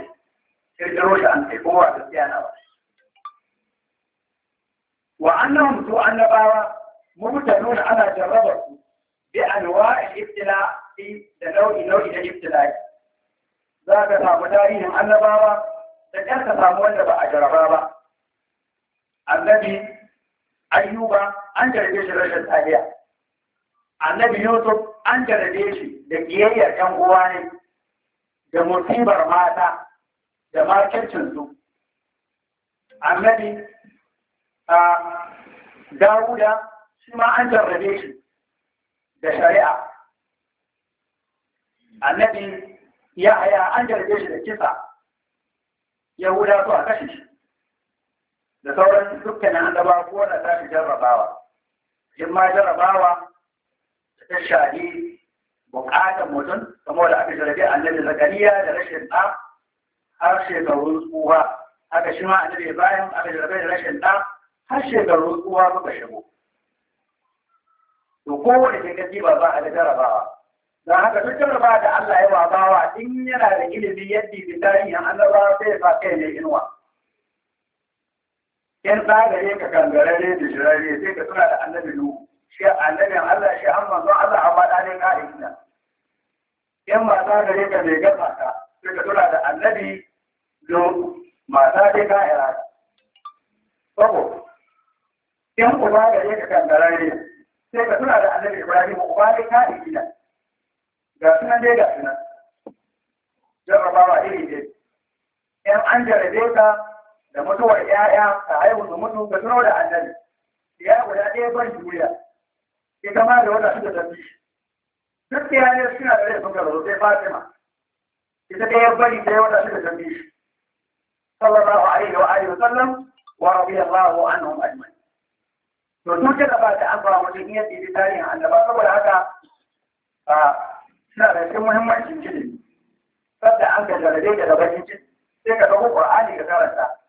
كيروش عن كبوة تيانا وأنهم سوء النبارة مبتلون على جربه بأنواع الابتلاء في نوع نوع الابتلاء za ka samu tarihin annabawa da ƙyar ka samu wanda ba a jaraba ba annabi ayyuba an jarabe shi rashin tsariya annabi yusuf an jarabe shi da ƙiyayyar ƴan uwa ne da musibar mata da makircin su annabi a dawuda shi ma an jarabe shi da shari'a annabi ya haya an jarge shi da kisa yahuda su a kashe shi da sauran dukkanin annaba ko wanda ta shi jarrabawa in ma jarrabawa da ta shahi bukatar mutum kamar da aka jarrabe annabi zakariya da rashin ɗa har shekarun tsuwa aka shi ma annabi bayan aka jarrabe da rashin ɗa har shekarun tsuwa suka shigo to kowane ke gaji ba za a ga jarrabawa don haka duk jarraba da Allah ya wabawa in yana da ilimi yadda bi tarihin annabawa sai ya sa kai ne inuwa in ɗa gare ka ne da shirare sai ka tuna da annabi nu shi annabin Allah shi an manzo Allah a faɗa ne ka'idina in mata gare ka mai gasa ka sai ka tuna da annabi nu mata dai ka'ira sabo in uba gare ka ne sai ka tuna da annabi Ibrahim uba dai ka'idina ga sunan dai ga sunan jarrabawa iri dai Yan an jarabe ka da mutuwar 'ya'ya ta haihu da mutu ka tuno da annabi ya guda ɗaya ban juriya ita ma da wata suka tafi duk da yanayi suna da rai suka zo sai fatima ita ɗaya bari sai wata suka tafi sallallahu alaihi wa alihi wa sallam wa radiyallahu anhum ajma'in to duk da ba ta an fara mutum iya tsiri tarihin annaba saboda haka suna da cikin muhimmancin ilimi sadda an ka jarabe da bakin ciki sai ka ɗauko ƙur'ani ka karanta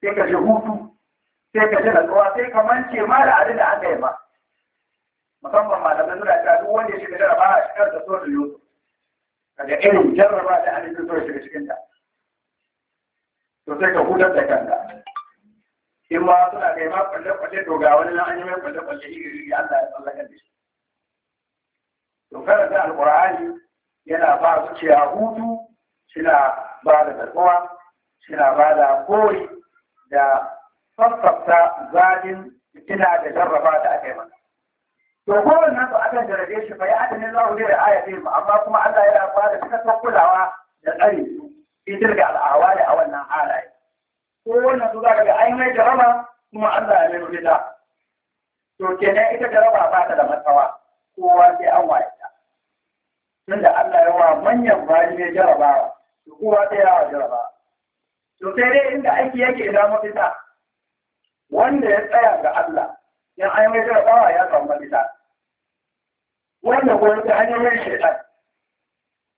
sai ka ji hutu sai ka ji natsuwa sai ka mance ma da abin da aka yi ba musamman malamai suna cewa duk wanda ya shiga jaraba a shigar da so da yusuf daga irin jarraba da an yi so ya shiga cikin ta to sai ka hutar da kanka in ma suna kai ma kwalle-kwalle to ga wani nan an yi mai kwalle-kwalle iri-iri Allah ya tsallaka da shi to da alqur'ani yana ba zuciya hutu suna ba da natsuwa suna ba da kori da sassafta zalin fitina da jarraba da aka yi mana to kowanne su akan jarabe shi fa ya adana za mu da ayatin mu amma kuma Allah yana ba da cikakken kulawa da tsare su fitar da al'awa da a wannan halaye kowanne su za ga ai mai jaraba kuma Allah ya mai rida to kenan ita jaraba ba ta da matsawa kowa sai an waye ta tunda Allah ya wa manyan bayan ne jarabawa to kowa sai ya wa jarabawa to sai dai inda aiki yake idan mafita wanda ya tsaya ga Allah yan an yi jarabawa ya samu mafita wanda ko ta hanyoyin shaitan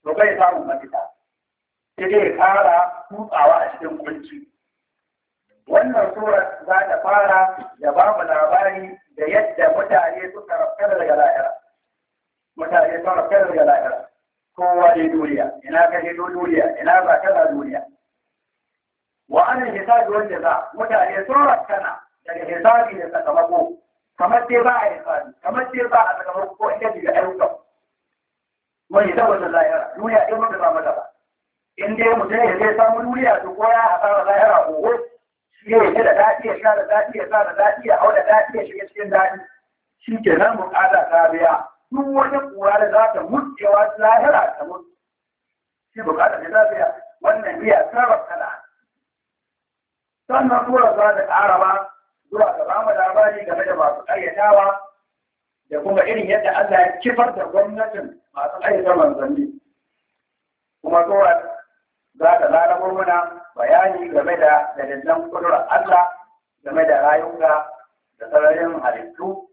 to bai samu mafita sai dai ya kara kutsawa a cikin kunci wannan sura za ta fara da babu labari da yadda mutane suka rafkar daga la'ira. mutane sun rafe daga lahira kowa dai duniya ina ka hito duniya ina ba kana duniya wa anan hisabi wanda za mutane sun rakkana daga hisabi da sakamako kamar sai ba a hisabi kamar sai ba a sakamako ko inda daga ayyukan wani da wannan lahira duniya ɗin muka samu da ba in dai mutum ya zai samu duniya to ko ya hasara lahira ko shi ne da daɗi ya sha da daɗi ya sa da daɗi ya hau da daɗi ya shiga cikin daɗi shi ke nan bukata ta biya duk wani kura da za ta mutsewa lahira ta mutu shi bukata ne lafiya wannan iya sarrafa kana sannan sura za ta ƙara ba zuwa ta ba mu labari game da masu ƙayyatawa da kuma irin yadda Allah ya kifar da gwamnatin masu ƙayyata manzanni kuma sura za ta lalabo mana bayani game da dalilan kudurar Allah game da rayuka da sararin halittu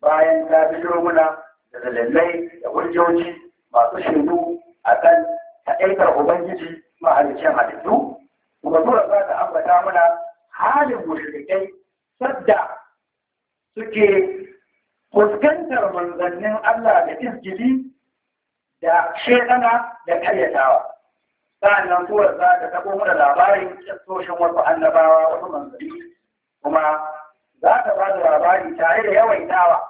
bayan ta bijiro muna da dalilai da hujjoji masu shaidu a kan taɗaikar Ubangiji mahalicin halittu. Kuma zuwa za ta ambata mana halin mushrikai sadda suke fuskantar manzannin Allah da izgili da shekana da karyatawa. Sa'annan tura za ta taɓo mana labarin kyastoshin wasu annabawa wasu manzanni kuma za ta ba da labari tare da yawaitawa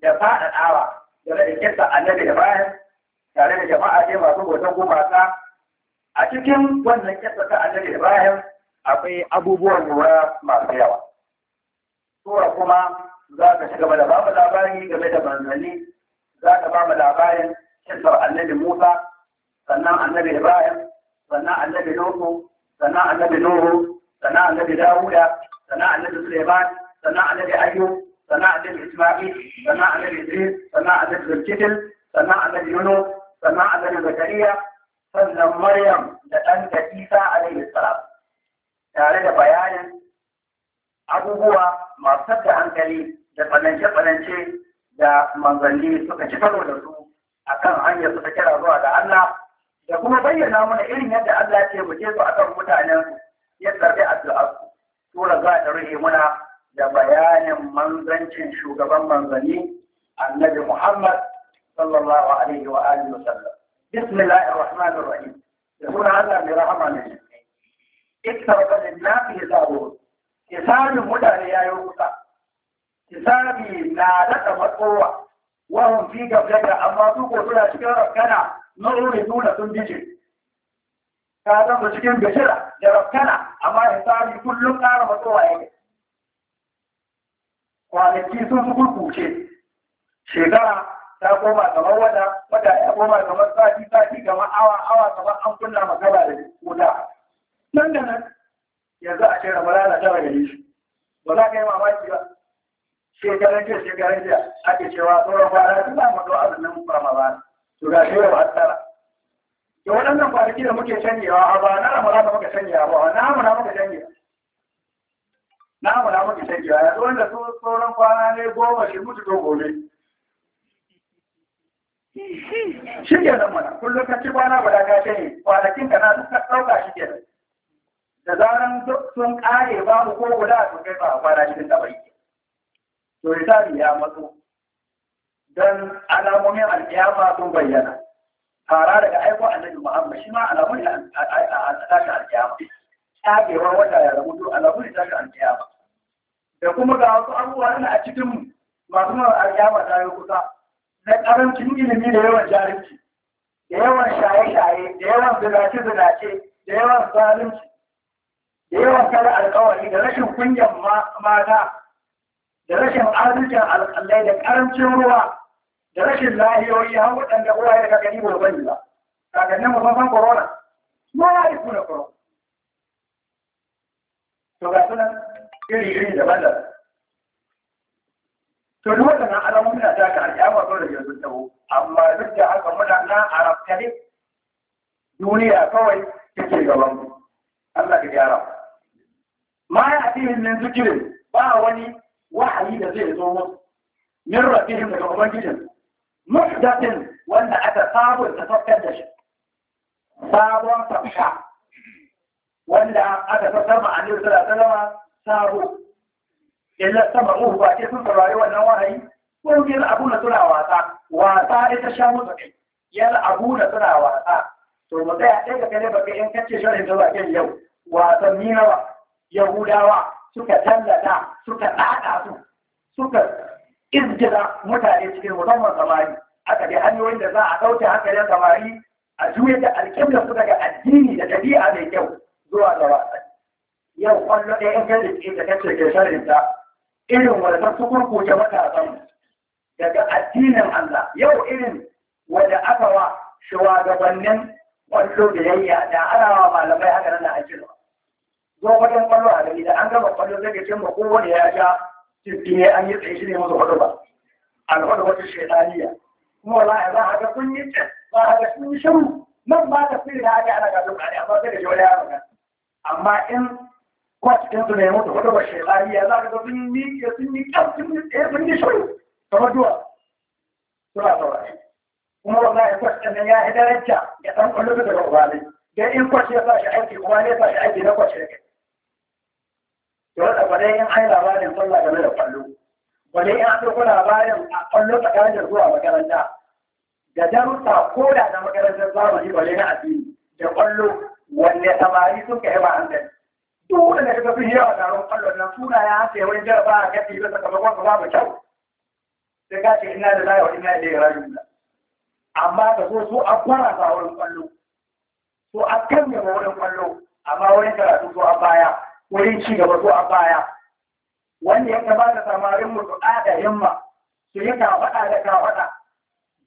da faɗaɗawa game da kisa annabi da bayan tare da jama'a ne masu hoton gumaka a cikin wannan kisa ta annabi da bayan akwai abubuwan lura masu yawa sura kuma za ka ci gaba da bamu labari game da manzanni za ka bamu labarin kisar annabi musa sannan annabi ibrahim sannan annabi nuhu sannan annabi nuhu sannan annabi dawuda sannan annabi suleiman sannan annabi ayyub sannan annabi Isma'il sannan annabi Idris sana'a na Zulkifil sannan annabi Yunus sannan annabi Zakariya sannan Maryam da ɗanta Isa alaihi salam tare da bayanin abubuwa masu da hankali da tsanance-tsanance da manzanni suka ci karo da akan hanyar suka kira zuwa ga Allah da kuma bayyana mana irin yadda Allah ce mu je akan mutanen su ya tsarbe addu'a tura za ta rufe muna da bayanin manzancin shugaban manzanni annabi Muhammad sallallahu alaihi wa alihi wasallam bismillahir rahmanir rahim da sunan Allah mai rahama ne iktarba lin nafi hisabu hisabin mutane yi kusa hisabi na daɗa matsowa wa fi gaflata amma su ko suna cikin rakkana nuri nuna sun bije ka zama cikin bishira da rakkana amma hisabi kullum ƙara matsowa yake kwanaki sun su kurkuce shekara ta koma kamar wata wata ya koma kamar sati sati kamar awa awa kamar an kunna magana da wuta nan da nan yanzu a ce ramadana ta daga shi ba za ka yi mamaki ba shekaran jiya shekaran jiya ake cewa sauran kwana ta za mu zo azumin ba to ga shi ba tsara da waɗannan kwanaki da muke canjewa a ba na ramadana muka canjewa ba na ramadana muka canjewa na amana maka shakiya ya wanda tsoron kwana ne goma shi mutu to gobe shi ke nan mana kullum ka ci kwana ba da ka ce kwanakin ka na duka ɗauka shi ke nan da zaran sun ƙare babu ko guda sun kai ba kwana cikin taɓa yi to hisabi ya matso don alamomin alƙiyama sun bayyana fara daga aiko annabi Muhammad shi ma alamun da tashi alƙiyama tabewar wata ya rabu alamu ne tashi alƙiyama da kuma ga wasu abubuwa na a cikin masu mara alƙiyama ta yi kusa na karancin ilimi da yawan jarinci da yawan shaye-shaye da yawan zinace-zinace da yawan zalunci da yawan kare alƙawari da rashin kunyan mata da rashin arzikin alƙalai da ƙarancin ruwa da rashin lahiyoyi har waɗanda uwaye da kakani ba ba kakannin mu san corona ma ya yi kuna corona to ga sunan iri iri daban daban to duk waɗannan alamomi na taka alƙiyama dole da sun taho amma duk da haka muna na arabta ne duniya kawai take gaban mu Allah ka gyara ma ya atihim min zikirin ba wani wahayi da zai zo musu min rabbihim daga ubangijin muhdathin wanda aka sabon tafakkar da shi sabon tafsha wanda aka ta sama a nesa da salama sabo illa sama uhu ba ke sun yawan nan wahayi ko Abu na suna wasa wasa ita sha musu kai Abu na suna wasa to mu tsaya ɗaya ga kare baka in kace shirin da bakin yau wasanni nawa yahudawa suka tallata suka ɗaɗa su suka izgira mutane cikin musamman samari aka bi hanyoyin da za a ɗauke hankalin samari a juya da alƙiblar su daga addini da ɗabi'a mai kyau zuwa ga wasan yau kwallo ɗaya in kan jiki da kacce ke sharinta irin wadda tukurkuce matasan daga addinin Allah yau irin wadda aka wa shugabannin kwallo da yayya da ana malamai haka nan da an cire zo wajen kwallo a gani da an gama kwallo zai ga cin ba kowane ya sha jiki ne an yi tsaye shi ne musu hudu ba alhudu wata shaitaniya kuma wallahi za a ga kun yi tsaye za a ga kun yi shiru nan ba ta fi da haka ana ga duk amma sai da shi wani ya magana amma in kwat ɗin su ne mutu wata ba shekariya za ka ga sun yi sun yi kyau sun yi tsaye sun yi shiru kamar duwa suna saurari kuma wanda ya kwat ɗin ya yi daraja ya ɗan kwallo da daga ubali da in kwat ya sa shi aiki kuma ne sa shi aiki na kwat shekari da wata kwadai in an yi labarin sallah game da kwallo Wani in an ɗauko labarin a kwallo tsakanin zuwa makaranta da darussa ko da na makarantar zamani kwadai na addini da kwallo wanne samari sun ka yaba hankali duk wanda ka fi yawa taron kallon nan suna ya hace wani jaraba a kafi ba sakamakon ka babu kyau sai ka ina da layi ina da rayu amma ka so su a kwara sa wurin kwallo su a kan gaba wurin kwallo amma wurin karatu su a baya wurin ci gaba su a baya wanda ya kamata samarin mu su da himma su yi kafaɗa da kafaɗa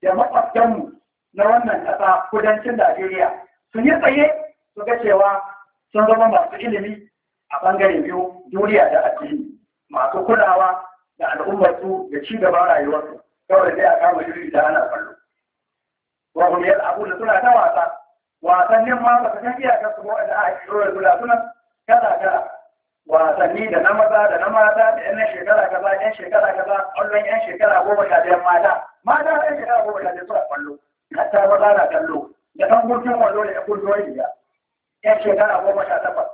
da maƙwabtanmu na wannan ƙasa kudancin Najeriya sun yi tsaye suka cewa sun zama masu ilimi a bangare biyu duniya da addini masu kulawa da al'ummarsu da ci gaba rayuwarsu kawai sai a kama shiri da ana kallo wa abu da suna ta wasa wasannin ma ba su san iyakar su wanda a kiro da suna kala kala wasanni da na maza da na mata da yan shekara kaza yan shekara kaza kwallon yan shekara goma sha biyar mata mata yan shekara goma sha biyar suna kallo hatta maza na kallo da ɗan gurkin wallo da ya gurkin wani yan shekara goma sha takwas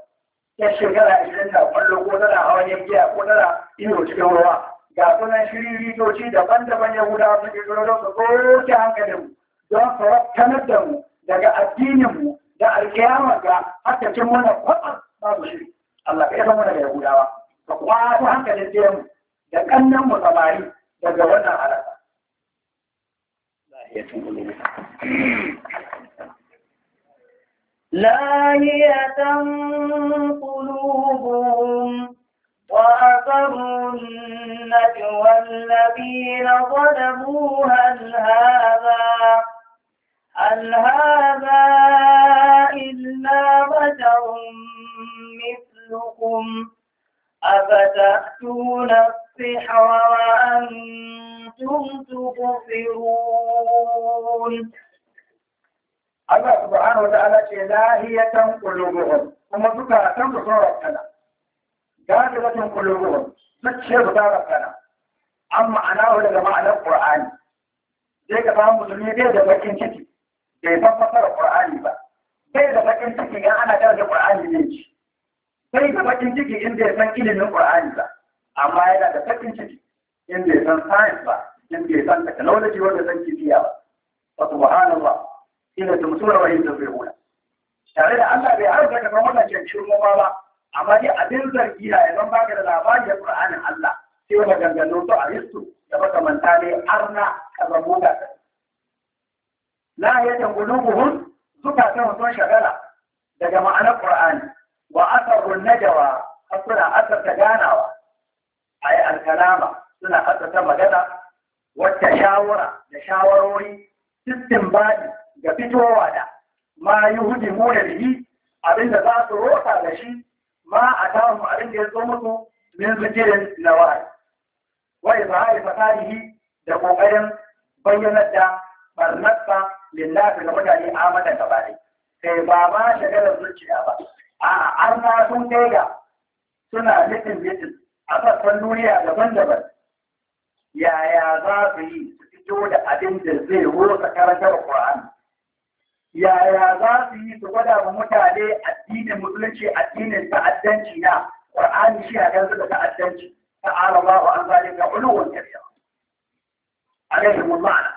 yan shekara cikin da kwallo ko tana hawan yankiya ko tana iyo cikin ruwa ga sunan shirin ritoci daban-daban su ke zuwa don su tsoke hankalin don su rattanar da mu daga addininmu da alkiyama ga haka cin mana ba babu shiri Allah ka zama daga da yahudawa ka kwato hankalin mu da kannan mu samari daga wannan halaka. لاهية قلوبهم وأثروا النجوى الذين ظلموا هل هذا هل هذا إلا بشر مثلكم أفتأتون السحر وأنتم تبصرون Allah subhanahu wa ta'ala ce lahiyatan qulubuhum kuma suka san su tsora kana galibatan qulubuhum zuciyar su tsora kana amma ana wa daga ma'anar qur'ani sai ka samu musulmi bai da bakin ciki bai san fasara qur'ani ba bai da bakin ciki in ana karanta qur'ani ne ci bai da bakin ciki in bai san ilimin qur'ani ba amma yana da bakin ciki in bai san science ba in bai san technology wanda san kimiyya ba fa subhanallah ina da mutuwar wahayi da zai hula tare da Allah bai arzuta ka zama wannan shirmo ba amma dai abin zargi na idan baka da labari da Qur'anin Allah sai wanda ganganno to aristo da baka manta ne arna ka zamo da la ya tanguluhum zukatan shagala daga ma'anar Qur'ani wa asarun najawa suna asar ta ganawa ay al-kalama suna asar ta magana wata shawara da shawarori istinbadi ga fitowa da ma yi hudu mu da bihi abinda za su rota da shi ma a tawon abin da ya zo musu min zikirin nawari wa izahari bihi da kokarin bayyanar da barnatsa lillafi ga mutane a matan gaba Sai kai ba ma shagalar zuciya ba a an ma sun suna mitin mitin a sassan duniya daban-daban yaya za su yi su fito da abin da zai rusa karantar Qur'ani yaya za su yi su gwada wa mutane addinin musulunci addinin ta'addanci na Ƙur'ani shi a su da ta'addanci ta'ala ba wa an zalika uluwan kabira alaihim mun maana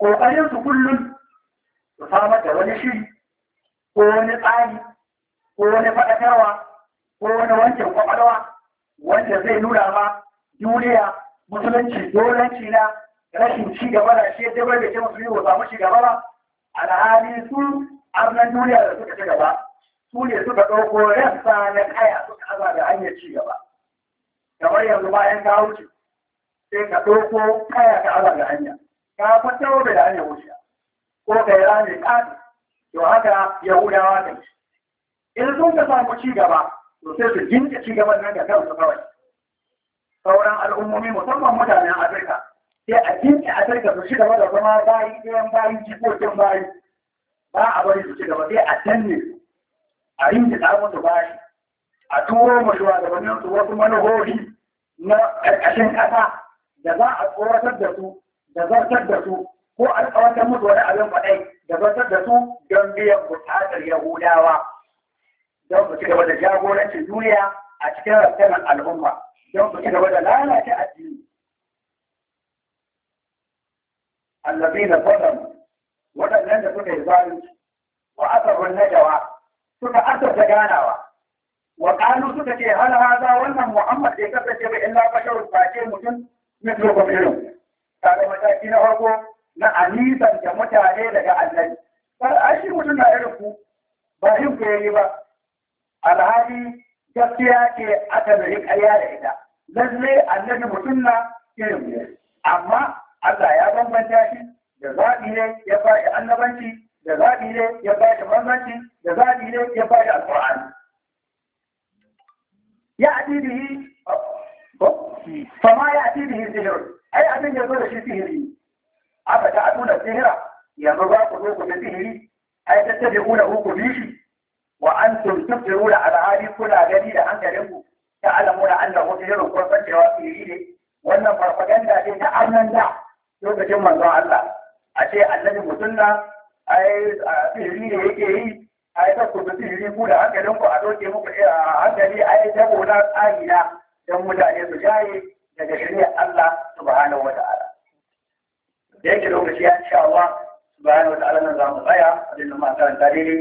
ƙoƙarin su kullum su samar da wani shiri ko wani tsari ko wani faɗakarwa ko wani wancan kwakwalwa wanda zai nuna ma duniya musulunci dolanci na rashin ci gaba da shi ya bai ce ke musulmi ba samu ci gaba ba alhali su arnan duniya da suka ci gaba su ne suka ɗauko rassa na kaya suka aza da hanyar ci gaba kamar yanzu bayan ka wuce sai ka ɗauko kaya ka aza da hanya ka kwanta wuce da hanyar wuce ko ka yi rami ƙasa to haka yahudawa da shi in sun ka samu ci gaba to sai su jinka ci gaban nan da kansu kawai sauran al'ummomi musamman mutanen afirka sai a kinki a sarka su ci gaba da zama bayi ɗayan bayi jikokin bayi ba a bari su ci gaba sai a canne, a rinji da su bayi a turo mu shugabannin su wasu manuhohi na ƙarƙashin ƙasa da za a tsoratar da su da zartar da su ko a tsawatar musu wani abin faɗai da zartar da su don biyan buƙatar yahudawa don su ci gaba da jagorancin duniya a cikin rafsanar al'umma don su ci gaba da lalace addini allazina fadam waɗannan da suka yi zalunci wa asarun najawa suka asarta ganawa wa qalu suka ce hana haza wannan muhammad ya kasance ba illa basharun sake mutum mislukum irin kaga mataki na farko na anisan da mutane daga annabi kar a shi mutum na irin ku ba yin ku yayi ba alhali gaskiya ke aka bari ƙarya da ita lallai annabi mutum na irin amma Allah ya bambanta shi da zaɓi ne ya ba da annabanci da zaɓi ne ya ba da bambanci da zaɓi ne ya ba da alƙur'ani ya ati bihi fama ya ati bihi sihir ai abin ya zo da shi sihiri aka ta aduna sihira yanzu za ku zo ku da sihiri ai ta tabi una ku bi shi wa an tun tubtiruna alhali kuna gani da hankalinku ta alamuna annahu sihirun kun san cewa sihiri ne wannan farfaganda ne ta annan da lokacin manzon Allah a ce annabi mutum na ai sihiri ne yake yi ai ta ku da sihiri ku da hankalin ku a doke muku eh, a hankali ai dabo na tsari na don mutane su jaye daga shirya Allah subhanahu wata'ala da yake lokaci ya insha Allah subhanahu wata'ala nan za mu tsaya abin da masu karanta tarihi.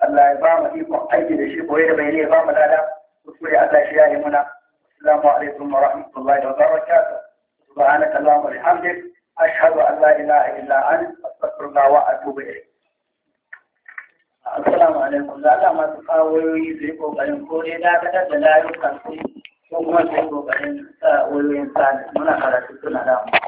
Allah ya ba mu ikon aiki da shi koyi da bai ne ba mu lada kuskure Allah shi ya yi muna السلام عليكم ورحمة الله وبركاته سبحانك اللهم وبحمدك أشهد أن لا إله إلا أنت أستغفرك وأتوب إليك Assalamu alaikum, da Allah masu kawoyoyi su yi ƙoƙarin kore dakatar da layukan su ko kuma su yi ƙoƙarin sa wayoyin sa muna karatu suna